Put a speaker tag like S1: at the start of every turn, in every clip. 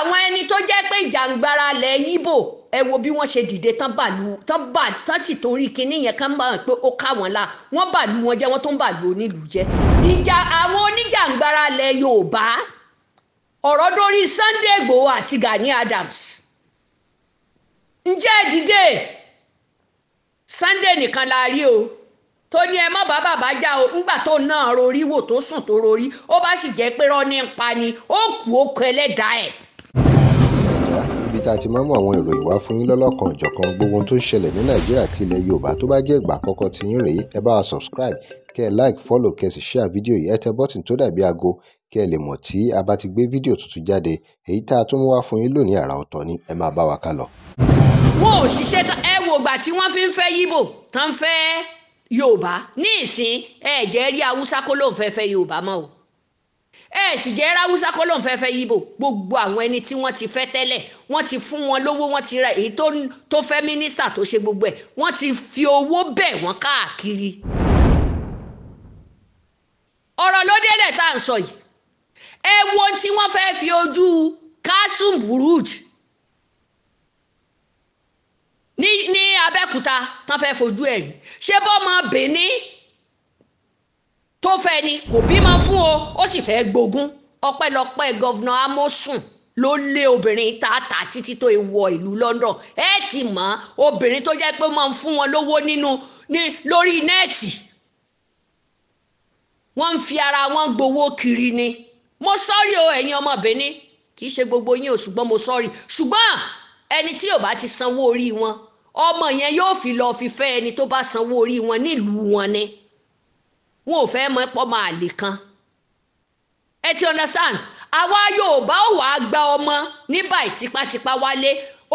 S1: àwọn ẹni tó jẹ́ pé ìjàngbara lẹ̀ yíbò ẹ wo bí wọ́n ṣe dìde tán bàlú tán bà tán sì torí kinní yẹn kán bá hàn wọn la wọ́n bàlú wọn jẹ́ wọ́n tó ń bàlú onílùú jẹ́ ìjà àwọn oníjàngbara lẹ̀ Yorùbá Gani Adams ǹjẹ́ dìde Sunday nìkan o tó ní ẹ bá bàbá o tó náà rorí wò tó sùn tó rorí ó bá pa ni ó ó kọ ẹlẹ́dàá níbi tá a ti máa mú àwọn ìròyìn wá fún yín lọ́lọ́kan ìjọ̀kan gbogbo ohun tó ń ṣẹlẹ̀ ní nàìjíríà àti ilẹ̀ yorùbá tó bá jẹ́ ìgbà àkọ́kọ́ tí yín rèé ẹ bá wa subscribe kẹ́ ẹ like follow kẹ́ ẹ sì share fídíò yìí ẹ tẹ bọ́tìn tó dàbí aago kẹ́ ẹ lè mọ̀ tí a bá ti gbé fídíò tuntun jáde èyí tá a tún mú wá fún yín lónìí àrà ọ̀tọ̀ ni ẹ máa bá wa ká lọ. wọn ò ṣiṣẹ́ ẹ wo ẹ sì jẹ́ ráwúsá kọ́ ló ń fẹ́ẹ́ fẹ́ yíbò gbogbo àwọn ẹni tí wọ́n ti fẹ́ tẹ́lẹ̀ wọ́n ti fún wọn lówó wọ́n ti ra èyí tó fẹ́ mínísítà tó ṣe gbogbo ẹ̀ wọ́n ti fi owó bẹ̀ wọ́n káàkiri. ọ̀rọ̀ ló délẹ̀ tá à ń sọ yìí ẹ wo tí wọ́n fẹ́ fi ojú kasum buruj ní ní Abẹ́òkúta tán fẹ́ fojú ẹ̀ rí ṣé bọ́ ọmọ Benin fẹ́ ni kò bímọ fún o ó sì fẹ́ gbógun ọpẹ́lọpẹ́ gọ́vnà Amosun ló lé obìnrin tààtà títí tó wọ ìlú London ẹ ti mọ̀ obìnrin tó jẹ́ pé máa ń fún wọn lówó nínú ní lórí nẹ́ẹ̀tì wọ́n ń fi ara wọn gbowó kiri ni mo sọ́rí o ẹ̀yin ọmọbìnrin kì í ṣe gbogbo yín o ṣùgbọ́n mo sọ́rí ṣùgbọ́n ẹni tí ò bá ti sanwó orí wọn ọmọ yẹn yóò fi lọ fi fẹ́ ẹni tó bá sanwó orí wọn nílùú wọn ni. Lu, wọn ò fẹ́ mọ ọmọ lè kan ẹ ti understand àwa Yorùbá ò wá gba ọmọ ní báyìí wálé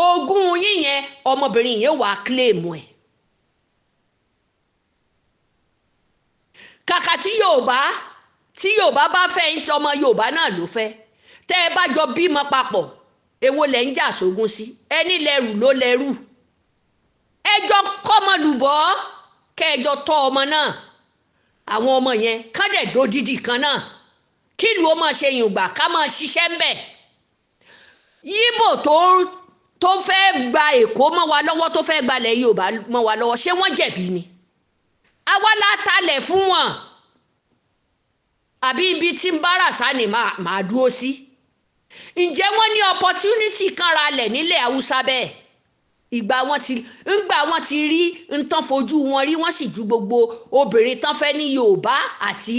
S1: ogún yíyẹn ọmọbìnrin yẹn wàá kílèmù ẹ kàkà tí Yorùbá tí Yorùbá bá fẹ́ ń ọmọ Yorùbá náà ló fẹ́ tẹ́ ẹ bá jọ bímọ papọ̀ lẹ̀ ń jà sógun sí ẹni lẹ́rù ló lẹ́rù ẹjọ́ kọ́mọlùbọ́ àwọn ọmọ yẹn kán dẹ̀ dódìdì kan náà kí ìlú ó máa ṣe yùngbà ká máa ṣiṣẹ́ ń bẹ̀ yíbò tó tó fẹ́ gba èkó mọ́ wa lọ́wọ́ tó fẹ́ gbalẹ̀ yorùbá mọ́ wa lọ́wọ́ ṣé wọ́n jẹ̀bi ni àwa la talẹ̀ fún wọn àbí ibi tí ń bára sani máa dúró sí ǹjẹ́ wọ́n ní opportunity kan ralẹ̀ nílẹ̀ haúsá bẹ́ẹ̀ ìgbà wọn ti ńgbà wọn ti rí ntán fojú wọn rí wọn sì ju gbogbo obìnrin tán fẹ́ ní Yorùbá àti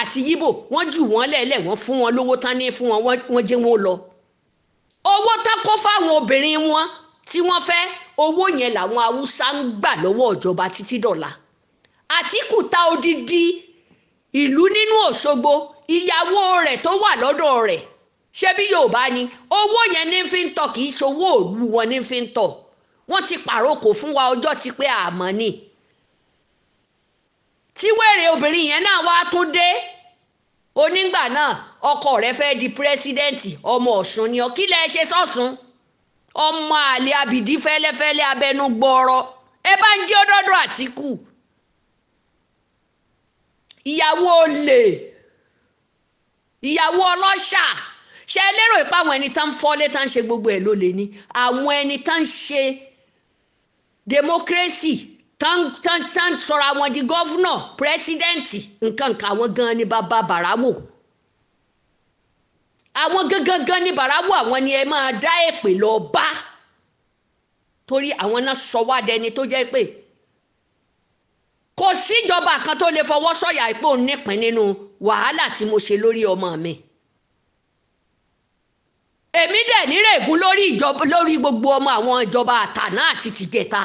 S1: àti Yíbò wọ́n jù wọ́n lẹ́lẹ̀ wọ́n fún wọn lówó tán ní fún wọn wọ́n jẹ́ wọn lọ owó tán kó fáwọn obìnrin wọn tí wọ́n fẹ́ owó yẹn làwọn Haúsá ń gbà lọ́wọ́ ìjọba títí dọ̀la Àtíkù ta odidi ìlú nínú Òṣogbo ìyàwó rẹ̀ tó wà lọ́dọ̀ rẹ̀ ṣé bí yorùbá ni owó yẹn ní fi ń tọ kì í ṣe òlu wọn ní fi ń tọ wọ́n ti pàrókò fún wa ọjọ́ ti pé àmọ́ ni tí wèrè obìnrin yẹn náà wá tún dé onígbà náà ọkọ rẹ fẹ́ di pírẹsidẹ́ǹtì ọmọ ọsùn ni ọ kí lẹ ṣe sọ́sùn ọmọ àlè abìdí fẹ́lẹ́fẹ́lẹ́ abẹnú gbọ́ọ̀rọ̀ ẹ bá ń jí ọdọọdọ àtìkù ìyàwó olè ìyàwó ọlọ́ṣà ṣe lérò pé àwọn ẹni tán ń fọ́lé tán ń ṣe gbogbo ẹ̀ ló lè ní àwọn ẹni tán ń ṣe democracy tán tán tán sọra wọn di gọ́vùnà pírẹ́sídẹ́ǹtì nǹkankan àwọn gan ni bàbá bàràwò àwọn gangan gan ni bàràwò àwọn ni ẹ máa dá èpè lọ bá torí àwọn náà sọ wá dẹni tó jẹ́ pé kò síjọba kan tó lè fọwọ́ sọ̀yà pé nípìn nínú wàhálà tí mo ṣe lórí ọmọ mi. èmi dẹ̀ nírègùn lórí ìjọba lórí gbogbo ọmọ àwọn ìjọba àtàná àti tìjẹta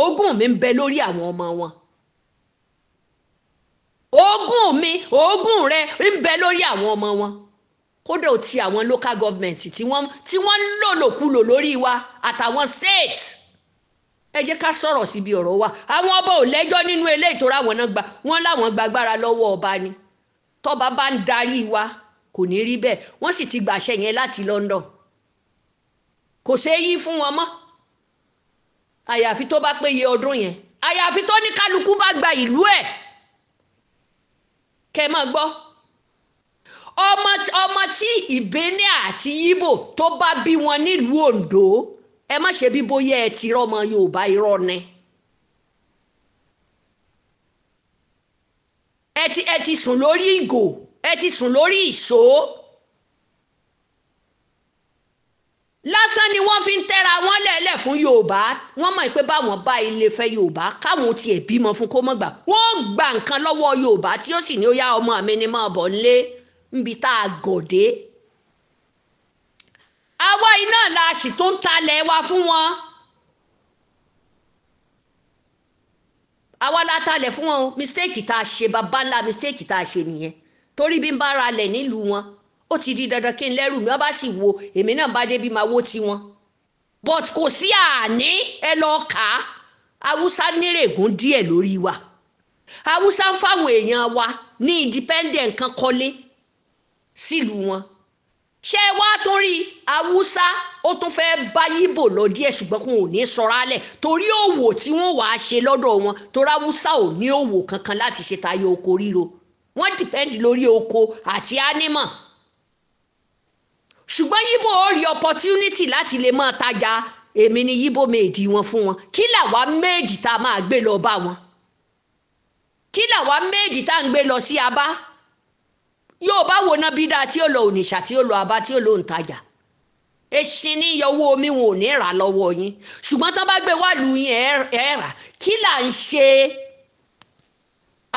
S1: oògùn mi ń bẹ lórí àwọn ọmọ wọn ogún mi ogún rẹ ń bẹ lórí àwọn ọmọ wọn kódà ó ti àwọn local government tí wọ́n tí wọ́n ń lòlòkulò lórí wa àtàwọn state ẹ jẹ́ ká sọ̀rọ̀ síbi ọ̀rọ̀ wa àwọn ọba ò lẹ́jọ́ nínú ilé ìtura àwọn náà gbà wọ́n láwọn gbagbára lọ́wọ́ ọba ni tọ́ba bá ń darí wa kò ní rí bẹ́ẹ̀ wọ́n sì ti gbàṣẹ yẹn láti London kò ṣeé yí fún wọn mọ́ àyàfi tó bá péye ọdún yẹn àyàfi tó ní kálukú bá gba ìlú ẹ̀ kẹ mọ gbọ́ ọmọ ọmọ tí ìbénè àti Yíbò tó bá bí wọn nílùú Oǹdó ẹ má ṣe bí bóyá ẹ ti rọmọ Yorùbá irọ́ ni ẹ ti ẹ ti sùn lórí ìgò ẹ ti sùn lórí ìṣó lásán ni wọ́n fi ń tẹ́ra wọn lẹ́ẹ̀lẹ̀ fún yorùbá wọ́n mọ̀ pé báwọn bá ilé fẹ́ yorùbá káwọn tiẹ̀ bímọ fún kó mọ̀ gbà wọ́n gba nǹkan lọ́wọ́ yorùbá tí ó sì ní ó yá ọmọ mi ni máa bọ̀ nílé níbi tá a gọ̀dé àwa iná la sì tó ń talẹ̀ wa fún wọn àwa la talẹ̀ fún wọn mistake tá a ṣe babalá mistake tá ṣe nìyẹn torí bí n bá ra lẹ̀ nílùú wọn ó ti di dandan kí n lẹ́rù mi wọ́n bá sì wo èmi náà bá débi máa wó tiwọn but kò sí àní ẹ lọ́ọ́ kà á haúsá nírègùn díẹ̀ lórí wa haúsá ń fáwọn èèyàn wa ní independent kan kọ́lé sílùú wọn ṣé ẹ wá torí haúsá ó tún fẹ́ bá yíbò lọ díẹ̀ ṣùgbọ́n kò ní sọra lẹ̀ torí òwò tí wọ́n wàá ṣe lọ́dọ̀ wọn torí haúsá ò ní òwò kankan láti ṣe tayọ oko ríro wọ́n depend lórí oko àti animal ṣùgbọ́n yíbo ó rí opportunity láti lè máa tajà èmi ni yíbo méèdì wọn fún wọn kí làwa méèdì tá a máa gbé lọ bá wọn kí làwa méèdì tá à ń gbé lọ sí abá yóò bá wo ná bídà tí ó lọ ònìṣà tí ó lọ abá tí ó lọ òǹtajà eṣin ní iye omi wọn ò ní rà lọ́wọ́ yín ṣùgbọ́n tán bá gbé wàlúù yín ẹ̀ rà kí là ń ṣe é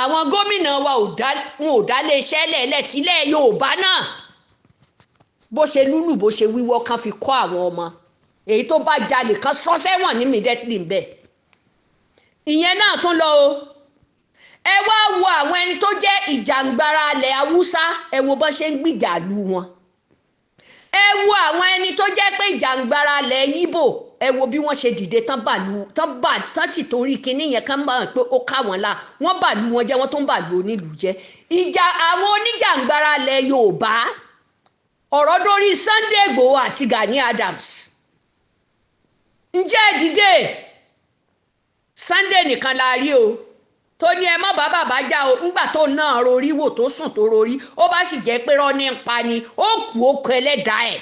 S1: àwọn gómìnà wa wọn ò dá lé iṣẹ́ lẹ́ẹ̀lẹ́ sílẹ̀ Yorùbá náà bó ṣe lúlù bó ṣe wíwọ́ kan fi kọ́ àwọn ọmọ èyí tó bá jalè kan sọ sẹ́wọ̀n ní mídẹ́tìlì ń bẹ̀ ìyẹn náà tún lọ o ẹ wá wo àwọn ẹni tó jẹ́ ìjàǹgbara alẹ̀ haúsá ẹ wo bọ́n ṣe ń gbìjà lù wọn ẹ wo àwọn ẹni tó jẹ́ pé ìjàǹgbara alẹ̀ yíbò ẹ wo bí wọ́n ṣe dìde tán bàlú tán bà tán sì torí kinní yẹn kán bá wọn pé ó ká wọn la wọ́n bàlú wọn jẹ́ wọ́n tó ń bàlú onílù jẹ́ ìjà àwọn oníjàngbara ilẹ̀ Yorùbá ọ̀rọ̀ dórí Sunday Igboho àti Gani Adams ǹjẹ́ dìde Sunday nìkan la rí o tó ní ẹ má bàbá já o nígbà tó náà rorí wò tó sùn tó rorí ó bá sì jẹ́ pé rọ́ ń pa ni ó kú ó kọ ẹlẹ́dàá ẹ̀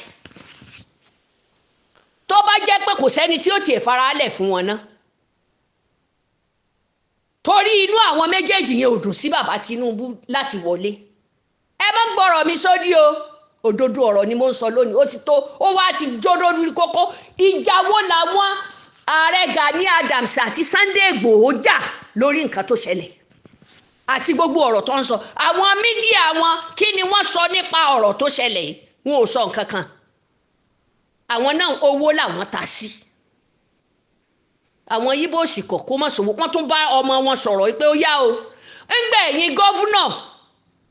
S1: tó bá jẹ́ pé kò sẹ́ni tí ó tiẹ̀ faralẹ̀ fún wọn náà torí inú àwọn méjèèjì yẹn ò dùn sí bàbá Tinubu láti wọlé ẹ má gbọ́rọ̀ mi sódì o òdodo ọ̀rọ̀ ni mo ń sọ lónìí ó ti tó ó wá ti jódódú kókó ìjà wo làwọn ààrẹ Gani Adams àti Sunday Igbòho jà lórí nǹkan tó ṣẹlẹ̀ àti gbogbo ọ̀rọ̀ tó ń sọ àwọn mídíà wọn kí ni wọ́n sọ nípa ọ̀rọ̀ tó ṣẹlẹ̀ yìí wọn ò sọ nǹkan kan àwọn náà owó làwọn ta sí àwọn yíbò òsìkọ̀ kó mọ̀ sówó wọ́n tún bá ọmọ wọn sọ̀rọ̀ pé ó yá o ńgbẹ̀ ẹ̀yin gọ́vùnà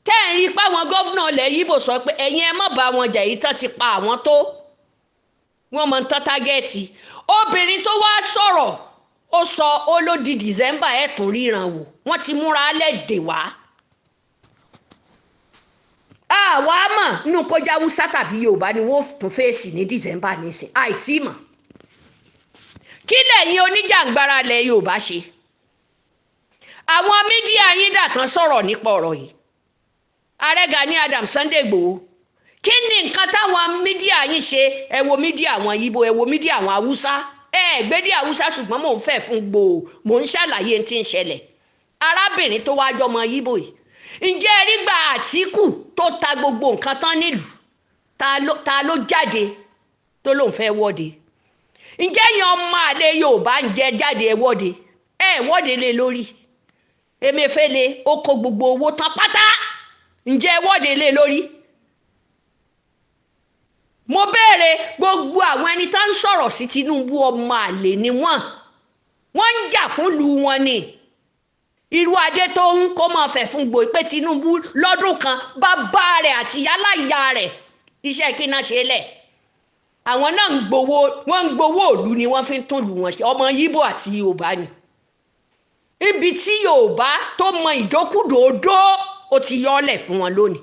S1: tẹ́ ẹ̀ ń rí páwọn gọ́vùnà ilẹ̀ yíbò sọ pé ẹ̀yin ẹ má bá wọn jà yìí tán ti pa àwọn tó wọ́n mọ̀ ń tán tágẹ́ẹ̀tì obìnrin tó wá sọ̀rọ̀ ó sọ ó ló di December ẹ̀ tún ríran wò wọ́n ti múra alẹ́ dè wá àwa mọ̀ nínú kọjá haúsá tàbí yorùbá ni wọ́n tún fèsì ní december nísìn àìtí mọ̀ kí lẹ́yìn oníjàǹgbara lẹ yorùbá ṣe àwọn mídíà yín dàtán sọ̀rọ̀ nípa ọ̀rọ̀ yìí ààrẹ Gani Adams Sunday Igboho kí ni nǹkan táwọn mídíà yín ṣe ẹ wo mídíà àwọn Ìgbò ẹ wo mídíà àwọn haúsá ẹ gbédí haúsá ṣùgbọ́n mò ń fẹ́ fún gbòò mò ń ṣàlàyé ti ń ṣẹlẹ̀ arábìnrin tó wáá jọmọ Ìgbò yìí ǹjẹ́ erigba atiku tó ta gbogbo nǹkan tán nílùú ta ló jáde tó lóun fẹ́ wọ́de ǹjẹ́ yan ọmọ àlè Yorùbá ń jẹ jáde ẹ wọ́de ẹ wọ́de lé lórí Emefiele ó kó gbogbo owó tán pátá ǹjẹ́ ẹ wọ́de lé lórí mo béèrè gbogbo àwọn ẹni tó ń sọ̀rọ̀ sí Tinubu ọmọ àlè ni wọ́n wọ́n ń jà fún lu wọn ni. irú adé tó ń kó máa fẹ̀ fún gbòó pé Tinubu lọ́dún kan bàbá rẹ̀ àti aláya rẹ̀ iṣẹ́ kí náà ṣe lẹ̀ àwọn náà ń gbowó wọ́n ń gbowó òlu ni wọ́n fi ń tún lù wọ́n ṣe ọmọ Yíbò àti Yorùbá ni ibi tí Yorùbá tó mọ ìdókùdòdó ó ti yọ ọ́lẹ̀ fún wọn lónìí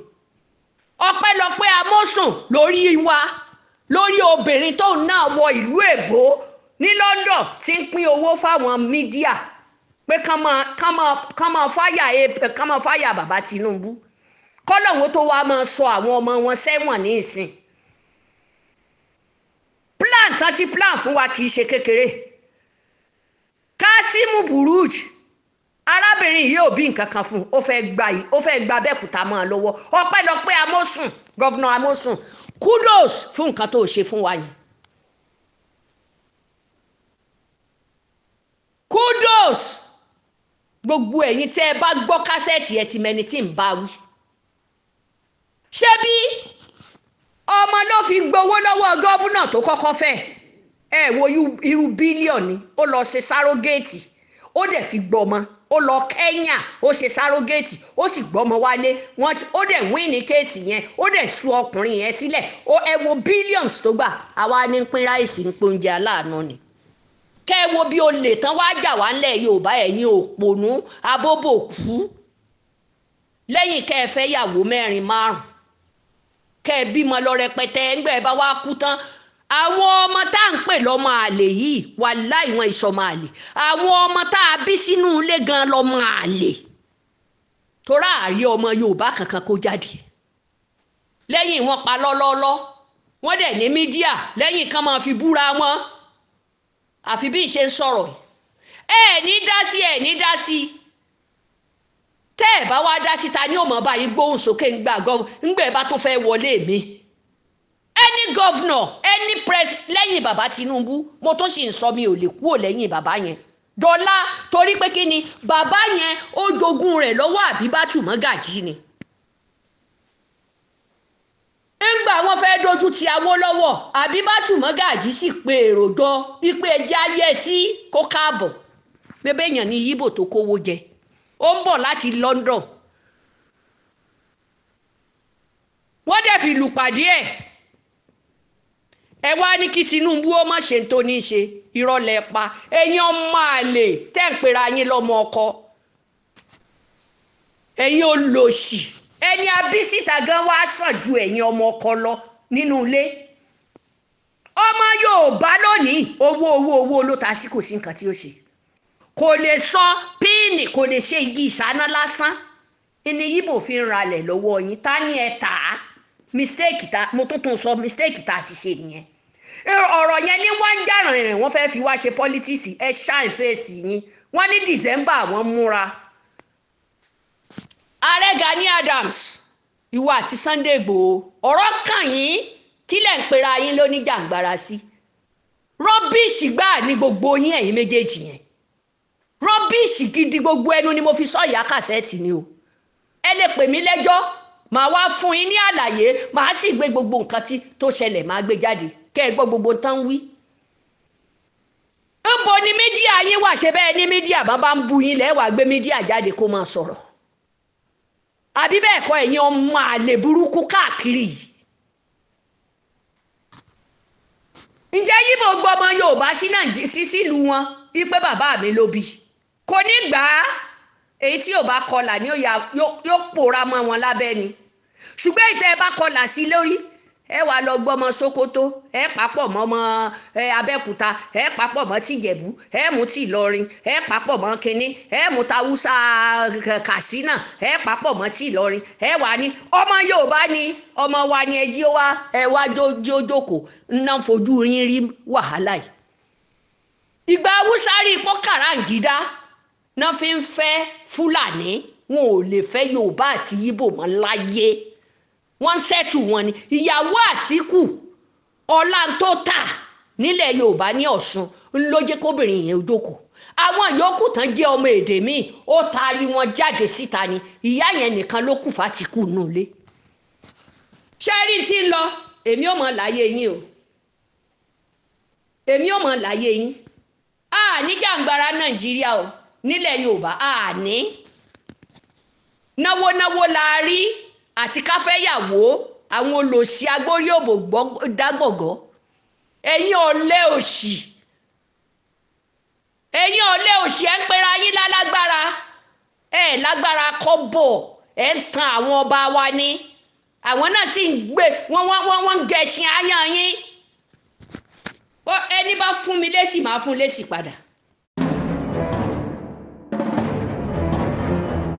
S1: ọpẹ́lọpẹ́ amósùn lórí wa lórí obìnrin tóun náà wọ ìlú èbó ní London ti ń pín owó fáwọn mídíà pé kán máa kán máa kán máa fáyà kán máa fáyà bàbá Tinubu kọ́lọ́hún tó wá máa sọ àwọn ọmọ wọn sẹ́wọ̀n ní ìsìn plan tán ti plan fún wa kì í ṣe kékeré Kasimu Buruj arábìnrin yìí ò bí nǹkan kan fún un ó fẹ́ gba yìí ó fẹ́ gba abẹ́kúta mọ́ lọ́wọ́ ọpẹ́lọpẹ́ amósùn gọ́vnà amósùn kudos fún nǹkan tó ṣe fún wa yìí. kudos gbogbo ẹ̀yin tẹ́ ẹ bá gbọ́ kásẹ̀tì ẹ ti mẹni tí ń bá wí. ṣé bí ọmọ ló fi gbowó lọ́wọ́ gọ́fúnà tó kọ́kọ́ fẹ́ ẹ wo irú bílíọ̀nù ó lọ ṣe sárógéètì ó dẹ̀ fi gbọ́mọ ó lọ Kẹ́nyà ó ṣe sárógéètì ó sì gbọ́mọ wálé wọ́n ó dẹ̀ wíìnì kéèsì yẹn ó dẹ̀ tú ọkùnrin yẹn sílẹ̀ ó ẹ wo bílíọ̀nù tó gbà àwa ní pín ráìsì ń pọ́njẹ aláàánú ni kẹ́ ẹ wo bí olè tán wá jà wá ńlẹ̀ yorùbá ẹ̀yin òpònú abóbòkú lẹ́yìn kẹ́ ẹ fẹ́ yàwó mẹ́rin márùn kẹ́ ẹ bímọ lọ rẹpẹtẹ ńgbẹ́ ẹ bá wá kú tán àwọn ọmọ tá à ń pè lọ́mọ àlè yìí wà láì wọn ìsọmọ àlè àwọn ọmọ tá a bí sínú ilé gan lọ́mọ àlè torá àrí ọmọ yorùbá kankan kó jáde lẹ́yìn wọn pa lọlọlọ wọn dẹ̀ ní mídíà lẹ́yìn kan máa fi búra wọn àfi bí ìṣe ń sọ̀rọ̀ ẹ ní dá sí ẹ ní dá sí tẹ́ ẹ bá wá dá sí ta ni ó mọ̀ báyìí gbóhùn sókè ńgbà ńgbà ẹ bá tún fẹ́ wọlé mi any governor any press lẹ́yìn bàbá Tinubu mo tún sì ń sọ mi ò lè kúrò lẹ́yìn bàbá yẹn dọ́là torí pé kí ni bàbá yẹn ó jogún rẹ̀ lọ́wọ́ Àbíbátù Mọ́gàjí ni. wọ́n fẹ́ẹ́ dojú ti Awólọ́wọ̀ Àbíbátù Mọ́gàjí sì pe èrò ipe ayé sí kó káàbọ̀ bébè èèyàn ní yíbò tó kówó jẹ ó ń bọ̀ láti London wọ́n dẹ̀ fi lù ẹ̀ ẹ wá Tinubu ó má ṣe tó pa yín ọkọ ẹni abí síta gan wá sàn ju ẹ̀yin ọmọ ọkọ lọ nínú ilé ọmọ Yorùbá lónìí owó owó owó ló ta sí kò sí nǹkan tí ó ṣe kò lè sọ píìnì kò lè ṣe igi ìsáná lásán ẹni yíbò fi ń ralẹ̀ lọ́wọ́ yín ta ni ẹ tà á mistake ta mo tún tún sọ mistake ta ti ṣe nìyẹn ọ̀rọ̀ yẹn ní wọ́n ń jàràn rìn wọ́n fẹ́ẹ́ fi wá ṣe politics ẹ ṣáà fèsì yín wọ́n ní December wọ́n múra ààrẹ Gani Adams ìwọ àti Sunday Igbòho ọ̀rọ̀ kàn yín kílẹ̀ ń pera yín lóníjàǹgbara sí rọ́bìsì gbáà ní gbogbo yín ẹ̀yin méjèèjì yẹn rọ́bìsì gidi gbogbo ẹnu ni mo fi sọ́ọ̀yà kàṣẹ́ẹ̀tì ni o ẹ lè pè mí lẹ́jọ́ màá wá fún yín ní àlàyé màá sì gbé gbogbo nǹkan tí tó ṣẹlẹ̀ màá gbé jáde kẹ́ ẹ gbọ́ gbogbo tán wí. ńbo ni mídíà yín wà ṣe bẹ́ẹ̀ ní mídíà bá bá ń bu yín lẹ́wàá gbé mídíà jáde kó máa sọ̀rọ̀ àbí bẹ́ẹ̀ kọ́ ẹ̀yin ọmọ àlè burúkú káàkiri yìí ǹjẹ́ yíbo gbọmọ Yorùbá sí sílùú wọn wípé bàbá mi ló bí kò ní gbà á èyí tí yóò bá kọlà ni yóò pòórá mọ́ wọn lábẹ́ ni ṣùgbọ́n ìtẹ́ ẹ bá kọlà sí lórí ẹ wàá lọ gbọ́mọ Sókótó ẹ papọ̀ mọ́ ọmọ ẹ Abẹ́òkúta ẹ papọ̀ mọ́ tìjẹ̀bú ẹ mú ti Ìlọrin ẹ papọ̀ mọ́ kínní ẹ mú tàwùsà Katsina ẹ papọ̀ mọ́ ti Ìlọrin ẹ wà ní ọmọ Yorùbá ni ọmọ wa ni ẹ jí ó wá ẹ wá jójókòó ńnà fojú yín rí wàhálà yìí. ìgbà haúsá rí ipò kàràǹgídá náà fi ń fẹ́ Fúlàní wọn ò lè fẹ́ Yorùbá àti Yíbò mọ́ láyé wọ́n ń sẹ́tù wọn ni ìyàwó àtìkù ọlá tó tà nílẹ̀ yorùbá ní ọ̀sùn ló jẹ́ kóbìnrin yẹn jókòó àwọn yòókù tán jẹ́ ọmọ èdè míì ó taari wọn jáde síta ni ìyá yẹn nìkan ló kù fàtìkù nùlé ṣẹ́rí tí ń lọ èmi ò mọ̀ láyé yín o èmi ò mọ̀ láyé yín àní jàǹgbara nàìjíríà o nílẹ̀ yorùbá àní náwó náwó la rí àti káfẹ́yàwó àwọn olòṣì agbórí òbò dágbọ̀gọ́ ẹ̀yin ọ̀lẹ òṣì ẹ̀yin ọ̀lẹ òṣì ẹ̀ ń pera yín lálágbára ẹ̀ lágbára kọ́bọ̀ ẹ̀ ń tan àwọn ọba wa ni àwọn náà sì ń gbé wọ́n wọ́n wọ́n wọ́n ń gẹṣin ayán yín ẹni bá fún mi lésì máa fún lésì padà.